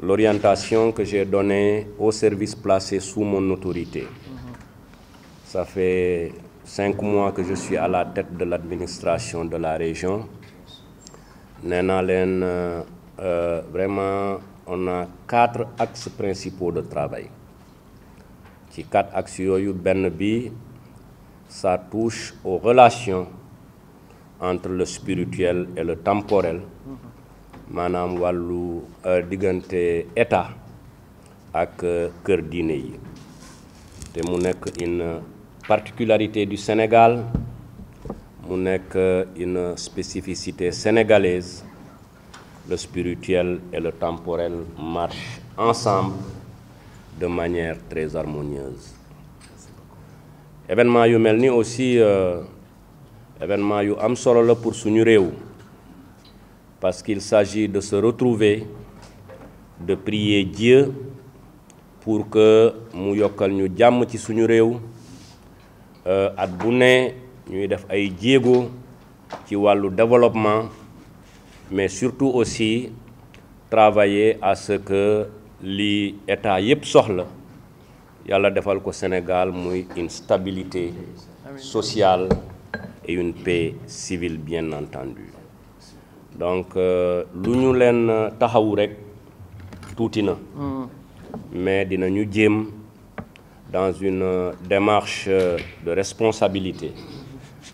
l'orientation que j'ai donnée aux services placés sous mon autorité. Ça fait cinq mois que je suis à la tête de l'administration de la région. Nenalen, euh, vraiment, on a quatre axes principaux de travail. Ci quatre axes yooyu benn bi ça touche aux relations entre le spirituel et le temporel. maanaam wàllu euh, diggante état ak euh, kër diine yi te mu nekk une particularité du Sénégal mu nekk euh, une spécificité sénégalaise le spirituel et le temporel marchent ensemble de manière très harmonieuse événement yu mel ni aussi événement yu am solo la pour suñu réew parce qu'il s'agit de se retrouver, de prier Dieu pour que mu yokkal ñu jàmm ci suñu réew euh, at bu ne ñuy def ay jéego ci wàllu développement mais surtout aussi travailler à ce que li état yépp soxla yàlla defal ko Sénégal muy une stabilité sociale et une paix civile bien entendu donc euh, lu ñu leen euh, taxawu rek tuuti na mm. mais dina ñu jéem dans une euh, démarche de responsabilité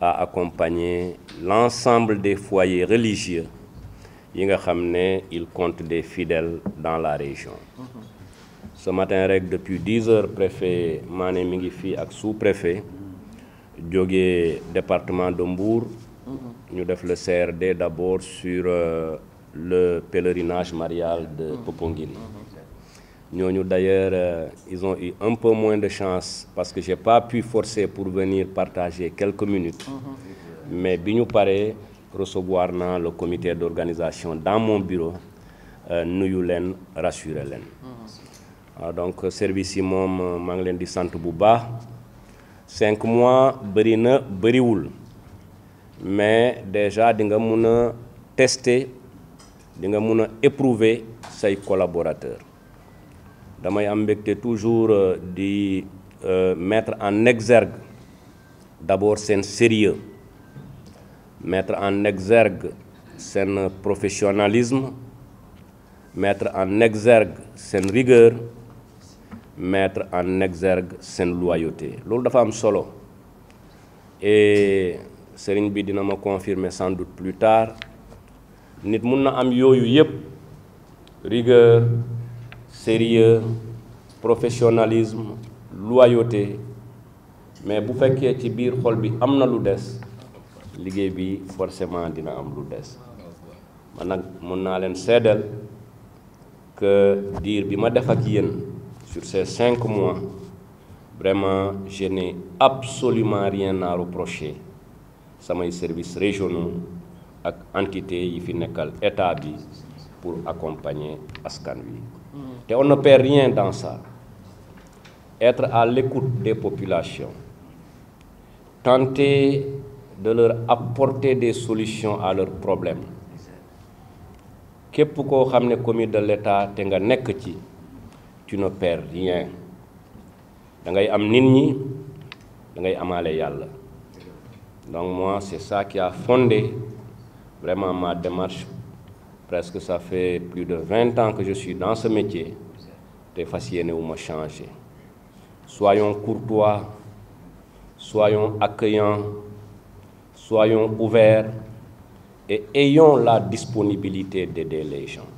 à accompagner l'ensemble des foyers religieux yi nga xam ne il compte des fidèles dans la région mm-hmm. ce matin rek depuis dix heures préfet maa mi ngi fii ak sous-préfet jógee département de Mbour ñu def le CRD d'abord sur euh, le pèlerinage marial de mm-hmm. Poponguine mm-hmm. ñooñu d'ailleurs euh, ils ont eu un peu moins de chance parce que j'ai pas pu forcer pour venir partager quelques minutes mm-hmm. mais bi ñu paree recevoir na le comité d'organisation dans mon bureau euh, nuyu leen rassurer leen waaw ah, donc service yi moom maa ngi leen di sant bu baax cinq mois bëri na bëriwul mais déjà di nga mun a tester di nga mun a éprouver say collaborateur damay am mbégte toujours euh, di euh, mettre en exergue d'abord seen sérieux mettre en exergue seen professionnalisme mettre en exergue seen rigueur mettre en exergue seen loyauté loolu dafa am solo et sëriñ bi dina ma confirmer sans doute plus tard nit mun na am yooyu yépp rigueur sérieux professionnalisme loyauté mais bu fekkee ci biir xol bi am na lu des liggéey bi forcément dina am lu des man nag mun naa leen seedal que diir bi ma def ak yéen sur ces cinq mois vraiment je n'ai absolument rien à reprocher samay service régionaux ak entité yi fi nekkal état bi pour accompagner askan wi mm. te on ne perd rien dans ça être à l'écoute des populations tenter de leur apporter des solution à leurs problème képp koo xam ne commis de l'État te nga nekk ci tu ne rien da ngay am nit ñi da ngay amaale yàlla Donc moi, c'est ça qui a fondé vraiment ma démarche. Presque ça fait plus de 20 ans que je suis dans ce métier. T'es fasciné ou me changer. Soyons courtois, soyons accueillants, soyons ouverts et ayons la disponibilité d'aider les gens.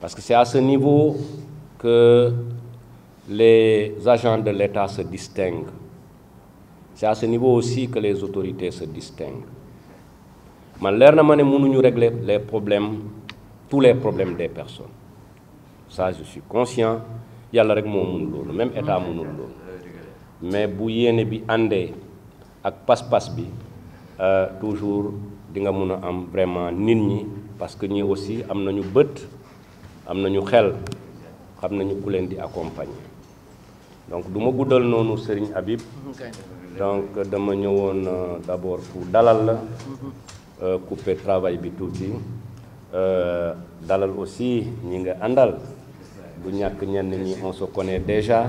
Parce que c'est à ce niveau que les agents de l'État se distinguent c'est niveau aussi que les autorités se distinguent man leer na ma ne mënuñu régler les problèmes tous les problèmes des personnes ça je suis conscient yàlla rek moo mënul loolu même état mënul loolu mais bu yéene bi àndee ak pas-pas bi euh, toujours di nga mun a am vraiment nit ñi parce que ñi aussi am nañu bët am na ñu xel xam nañu ku leen di accompagner donc du ma guddal noonu Serigne Habib donc dama ñëwoon euh, d'abord pour dalal la mhm. euh, couper travail bi tuuti euh, dalal aussi ñi nga àndal du ñàkk ñenn ñi on se connaît déjà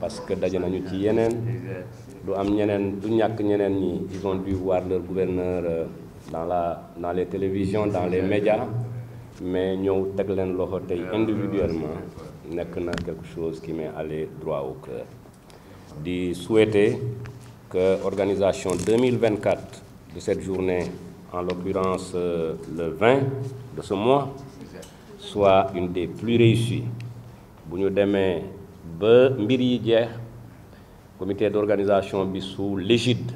parce que daje nañu ci yeneen du am ñeneen du ñàkk ñeneen ñi ils ont dû voir leur gouverneur dans la dans les télévisions dans les médias mais ñëw teg leen loxo tey individuellement nekk na quelque chose qui m'est allé droit au cœur di souhaiter avec organisation 2024 de cette journée, en l'occurrence euh, le 20 de ce mois, soit une des plus réussies. bu ñu demee ba mbir yi jeex comité d'organisation bi sous l'égide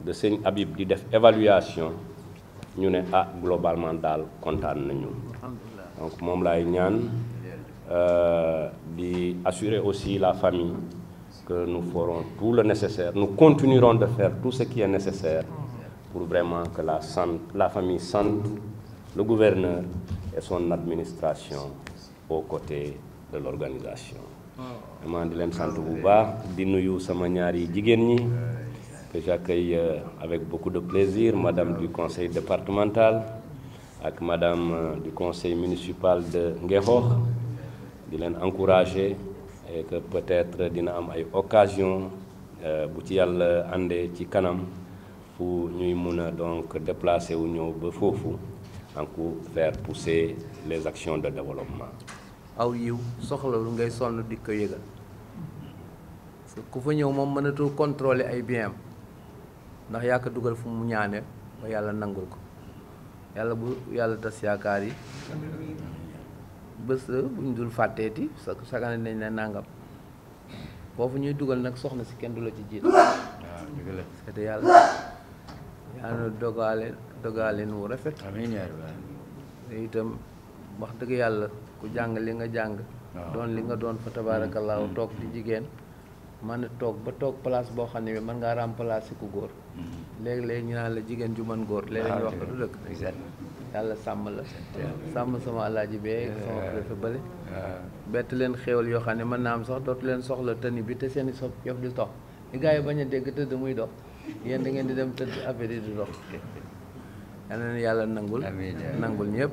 de sëñ Habib di def évaluation ñu ne ah globalement daal kontaan nañu donc moom lay ñaan euh, di assurer aussi la famille que nous ferons tout le nécessaire, nous continuerons de faire tout ce qui est nécessaire pour vraiment que la, la famille sente le gouverneur et son administration aux côté de l'organisation. vraiment di leen sant bu baax di nuyu sama ñaari jigéen ñi que j'accueille euh, avec beaucoup de plaisir madame du conseil départemental ak madame euh, du conseil municipal de Ngexoox di leen encouragé et que peut-être dina am ay occasion euh, bu ci yàlla àndee ci kanam fu ñuy mun a donc déplacer wu ñëw ba foofu encore faire pousser les actions de développement. aw yiw soxlalu ngay sonn di ko yëgal parce ku fa ñëw moom mënatul contrôler ay bien ndax yaa ko dugal fu mu ñaane ba yàlla nangul ko yàlla bu yàlla tas yaakaar yi. bés buñ dul fàtteeti sa sagane nañ ne nàngam foofu ñuy dugal nag soxna si kenn du la ci jiit waaw ah, ñu la yàlla yàlla dogaale dogaale nu rafet itam wax dëgg yàlla ku jàng li nga jàng doon li nga doon fa tabaarakallaahu mm. toog di jigéen mën a toog ba toog place boo xam ne bi mën ngaa remplacer ku góor mm. léegi-léegi ñu naan la jigéen ju mën góor léegi ñu wax ko du dëkk yàlla sàmm la sàmm sama alaaji bee sama préfet bële bett leen xéewal yoo xam ne mën naa am sax dootu leen soxla tëni bi te seen i sox yof di tox li gars yi bañ a dégg tëdd muy dox yéen da ngeen di dem tëdd affaire yi di dox yal na yàlla nangul nangul ñëpp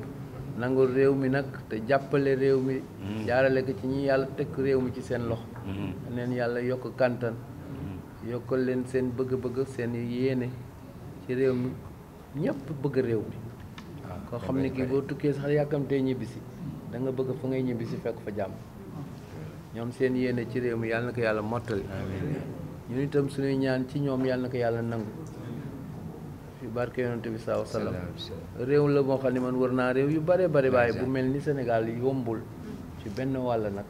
nangul réew mi nag te jàppale réew mi mm. jaarale ko ci ñi yàlla teg réew mi ci seen lox mm. neen yàlla yokk kantan mm. yokkal leen seen bëgg-bëgg seen yéene ci réew mi ñëpp bëgg réew mi koo xam ne kii boo tukkee sax yàkkamtee ñibbisi hmm. danga bëgg fa ngay ñibbisi fekk fa jàmm hmm. ñoom seen yéene ci réew mi yàlla na ko yàlla mottali ñun itam suñuy ñaan ci ñoom yàlla na ko yàlla nangu fi barke yonante bi saa salaam réew la moo xam ne man wër naa réew yu bare bare waaye bu mel ni Sénégal yombul ci benn wàll nag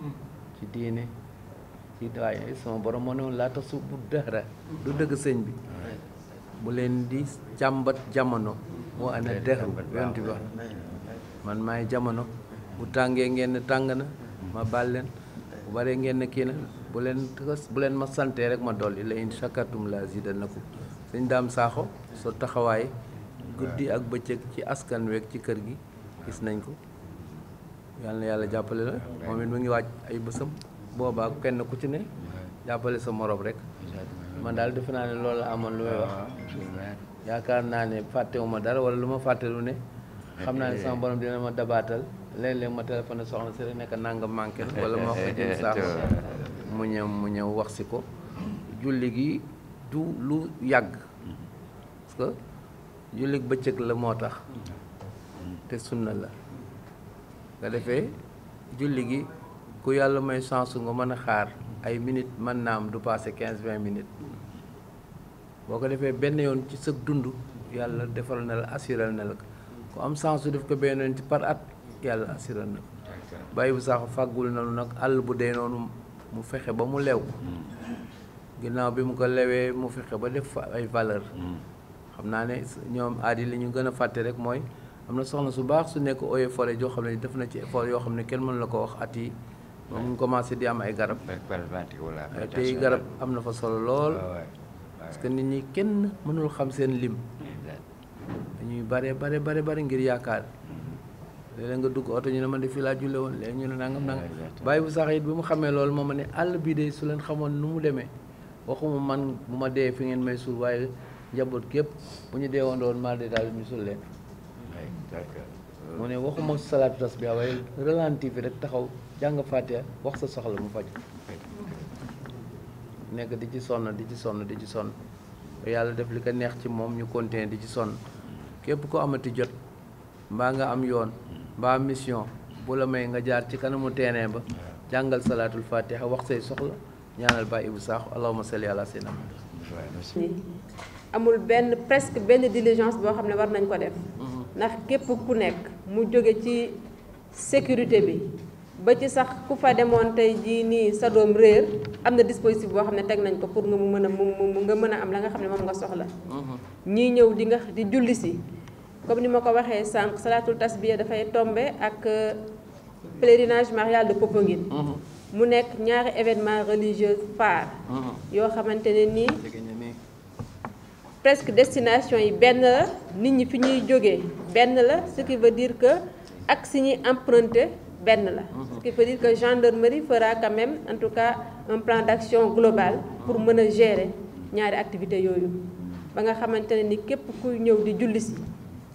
hmm. ci diine ci waaye sama borom moo ne woon laa tax bu dara du dëgg sëñ bi bu leen di jàmbat jamono wa ana dehru yonent bi wax na man maay jamono bu tàngee ngeen ne tàng na ma baal leen bu baree ngeen ne kii na bu leen bu leen ma santee rek ma dolli la in shakartum na ko sëñ daam saaxo soo taxawaay guddi ak bëccëg ci askan week ci kër gi gis nañ ko yàlla yàlla jàppale la moom it mu ngi waaj ay bësam boobaa kenn ku ci ne jàppale sa moroom rek man daal defe naa ne loolu la amoon lu may wax ah, yaakaar naa ne fàttewu ma dara wala lu ma fàttelu ne xam naa ne sama borom dina ma dabaatal léeg-léeg ma téléphoné soxna si rek nekk nangam manqué wala ma wax ko jëm saako mu ñëw mu ñëw wax si ko julli gi du lu yàgg parce que julli bëccëg la moo tax te sunna la nga defee julli gi ku yàlla may chance nga mën a xaar ay minutes mën naa am du passé quinze vingt minutes boo ko defee benn yoon ci sa dund yàlla defal na la assural na la ko am sens su def ko benn yoon ci par at yàlla assural na ko bàyyi bu sax fàggul nanu nag àll bu dee noonu mu fexe ba mu lew ginnaaw bi mu ko lewee mu fexe ba def fa ay valeur xam naa ne ñoom aadi li ñu gën a fàtte rek mooy am na soxna su baax su nekk eaux et forêt joo xam ne def na ci effort yoo xam ne kenn mën la ko wax at yi moom mu commencé di am ay garab tey garab am na fa solo lool ah parce que nit ñi kenn mënul xam seen lim dañuy bare bare bare bare ngir yaakaar léeg-léeg nga dugg oto ñu ne man de fii laa julle woon leen ñu ne nangam nangam bàyyi bu sax it bi mu xamee loolu moo ma ne àll bii de su leen xamoon nu mu demee waxuma man bu ma dee fi ngeen may suul waaye njaboot képp bu ñu dee woon maa dee daal ñu suul mu ne waxuma salaatu tas bi waaye ralenti rek taxaw jàng fàtte wax sa soxla mu faj nekk di ci sonn di ci sonn di ci sonn yàlla def li ko neex ci moom ñu continuer di ci sonn képp ko amati jot mbaa nga am yoon mbaa mission bu la may nga jaar ci kanamu teenee ba jàngal salaatul fatiha wax say soxla ñaanal Baye Ibou Sakho allahumma salli ala sayyidina amul benn presque benn diligence boo xam ne war nañ ko def mm-hmm. ndax képp ku nekk mu jóge ci sécurité bi ba ci sax ku fa demoon tey jii nii sa doom réer am na dispositif boo xam ne teg nañ ko pour nga mu mën a mu nga mën a am la nga xam ne moom nga soxla. Mhm. ñii ñëw di nga di julli si comme ni ma ko waxee sànq salaatul tasbiya dafay tombe ak euh, pèlerinage marial de Popenguine. Mhm. mu nekk ñaari événement religieux phare. Mhm. yoo xamante ne nii presque destination yi benn la nit ñi fi ñuy jógee benn la ce qui veut que ak si ñuy emprunté. benn la mhm. ce qui veut dire que gendarmerie fera quand même en tout cas un plan d'action global pour mën a gérer ñaari activité yooyu ba nga xamante ne ni képp kuy ñëw di julli si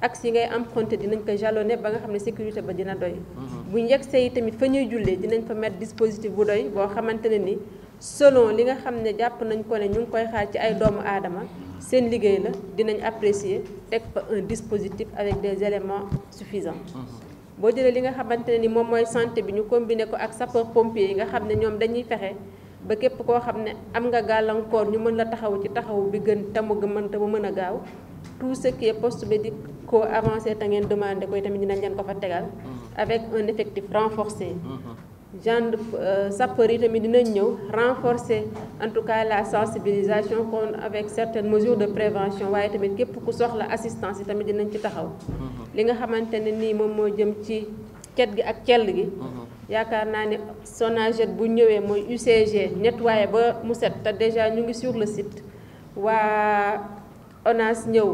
axe yi ngay emprunté dinañ ko jalonné ba nga xam ne sécurité ba dina doy mhm. bu ñu yegsee yi tamit fa ñuy jullee dinañ fa mettre dispositif bu doy boo xamante ne ni selon li nga xam ne jàpp nañ ko ne ñu ngi koy xaar ci ay doomu aadama seen liggéey la dinañ apprécier teg fa un dispositif avec des éléments suffisants mhm. boo jëlee li nga xamante ni moom mooy santé bi ñu combiné ko ak sapeur pompier yi nga xam ne ñoom dañuy fexe ba képp koo xam ne am nga gàllankoor ñu mën la taxaw ci taxawu bi gën te mu mën te mën a gaaw tout ce post est poste médico avancé te ngeen demandé koy tamit dinañ leen ko fa tegal. Mm-hmm. avec un effectif renforcé. Mm-hmm. genre euh, sapeur yi tamit dinañ ñëw renforcer en tout cas la sensibilisation kon avec certaines mesures de prévention waaye tamit képp ku soxla assistance yi tamit dinañ ci taxaw. Mm-hmm. li nga xamante ne nii moom moo jëm ci cet gi ak cell gi. Mm-hmm. yaakaar naa ne Sonaged bu ñëwee mooy UCG nettoyé ba mu set te déjà ñu ngi sur le site waa ONAS ñëw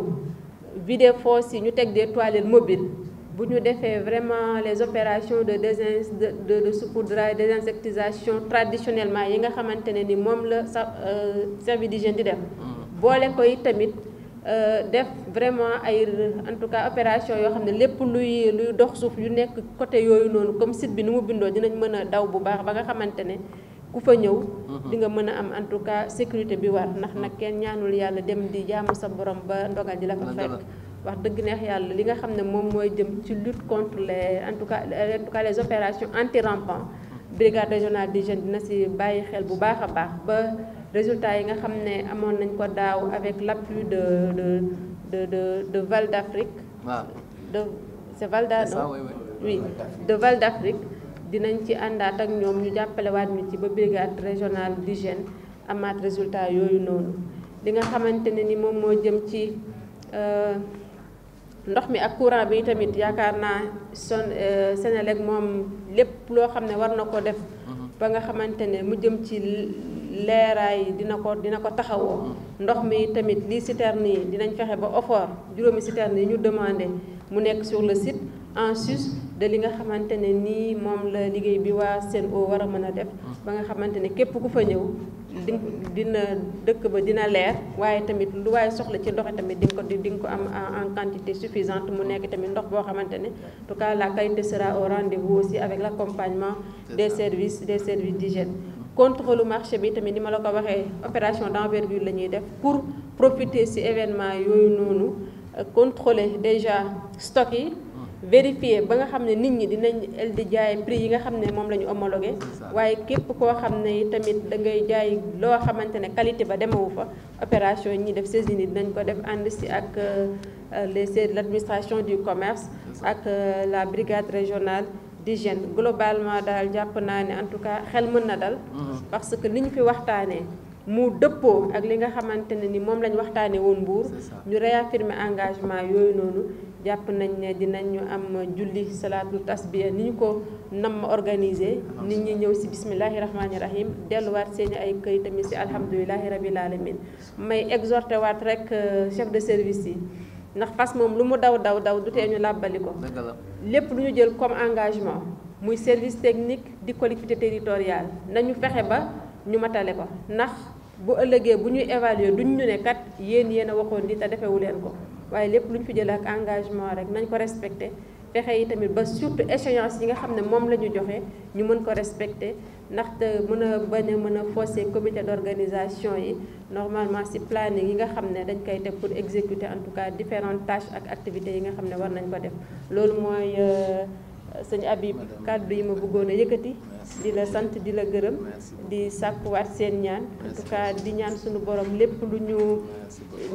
vidé fosse yi ñu teg dee toilettes mobiles. bu ñu defee vraiment les opérations de désin de de de saupoudrage désinsectisation traditionnellement yi nga xamante ne ni moom la sa euh, service d'hygiène di def. Mm. boole koy tamit euh, def vraiment ay en tout cas opération yoo xam ne lépp luy luy dox suuf yu nekk côté yooyu noonu comme site bi ni mu bindoo dinañ mën a daw bu baax ba nga xamante ne. ku fa ñëw mm-hmm. di nga mën a am en tout cas sécurité bi war ndax nag mm-hmm. kenn ñaanul yàlla dem di jaamu sa borom ba ndogal di la fa fekk wax dëgg neex yàlla li nga xam ne moom mooy jëm ci lutte contre les en tout cas en tout cas les opérations anti rampant brigade régionale des jeunes dina si bàyyi xel bu baax a baax ba résultat yi nga xam ne amoon nañ ko daaw avec l' appui de de de de de Val d' Afrique. waaw de c' est Val d' oui de Val d' Afrique dinañ ci àndaat ak ñoom ñu jàppale waat ñu ci ba brigade régionale d' hygiène amaat résultat yooyu noonu li nga xamante ne ni moom moo jëm ci. Euh, ndox mi ak courant bi tamit yaakaar naa son euh, Senelec moom lépp loo xam ne war na ko def mhm. ba nga xamante ne mu jëm ci leeraay dina ko dina ko taxawoo mhm. ndox mi tamit lii citerne nii dinañ fexe ba offert juróomi citerne yi ñu demandé mu nekk sur le site en sus de li nga xamante ne nii moom la liggéey bi waa seen Sen'Eau war a mën a def mhm. ba nga xamante ne képp ku fa ñëw di dina dëkk ba dina leer waaye tamit lu waaye soxla ci ndox tamit di nga ko di nga ko am en quantité suffisante mu nekk tamit ndox boo xamante ne en tout cas la qualité sera au rendez-vous aussi avec l'accompagnement des services des services d'hygiène contrôle marché bi tamit ni ma la ko waxee opération d'envergure la ñuy def pour profiter ci événement yooyu noonu euh, contrôler déjà stock yi vérifier ba nga xam ne nit ñi dinañ di jaay prix yi nga xam ne moom lañu ñu waaye képp koo xam ne tamit da ngay jaay loo xamante ne qualité ba demewu fa opération ñi def saisine yi dinañ ko def ànd si ak euh, euh, les services l'administration du commerce ak euh, la brigade régionale d'hygiène globalement daal jàpp naa ne en tout cas xel mën na dal mm-hmm. parce que li ñu fi waxtaanee mu dëppoo ak li nga xamante ne ni moom lañ waxtaanee woon Mbour ñu réaffirmer engagement yooyu noonu jàpp nañ ne dinañ ñu am julli salaatu tasbiya ni ñu ko nam organiser nit ñi ñëw si bismillahi rahmaani rahim delluwaat seeni ay këy tamit si alhamdulilahi rabil alamin may exhorté waat rek euh, chef de service yi ndax fas moom lu mu daw daw daw du ñu làbbali ko lépp lu ñu jël comme engagement muy service technique di collectivité territoriale nañu fexe ba ñu matale ko ndax bu ëllëgee bu ñuy évaluer duñ ñu ne kat yéen yéen a waxoon di te defewu leen ko waaye lépp lu ñu fi jël ak engagement rek nañ ko respecté fexe yi tamit ba surtout échéance yi nga xam ne moom la ñu joxe ñu mën ko respecté ndaxte mën a ba a mën a forcer comité d'organisation yi normalement ci planning yi nga xam ne dañ koy def pour exécuter en tout cas différentes tâches ak activités yi nga xam ne war nañ ko def loolu mooy euh, sëñ Habib kàddu yi ma bëggoon a yëkkati di la sant di la gërëm di sàkkuwaat seen ñaan en di ñaan suñu borom lépp lu ñu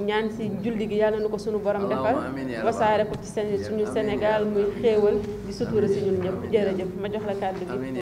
ñaan si julli gi yàlla na ko suñu borom defal wasaare ko ci seen suñu Sénégal muy xéewal di sutura si ñun ñëpp jërëjëf ma jox la kàddu gi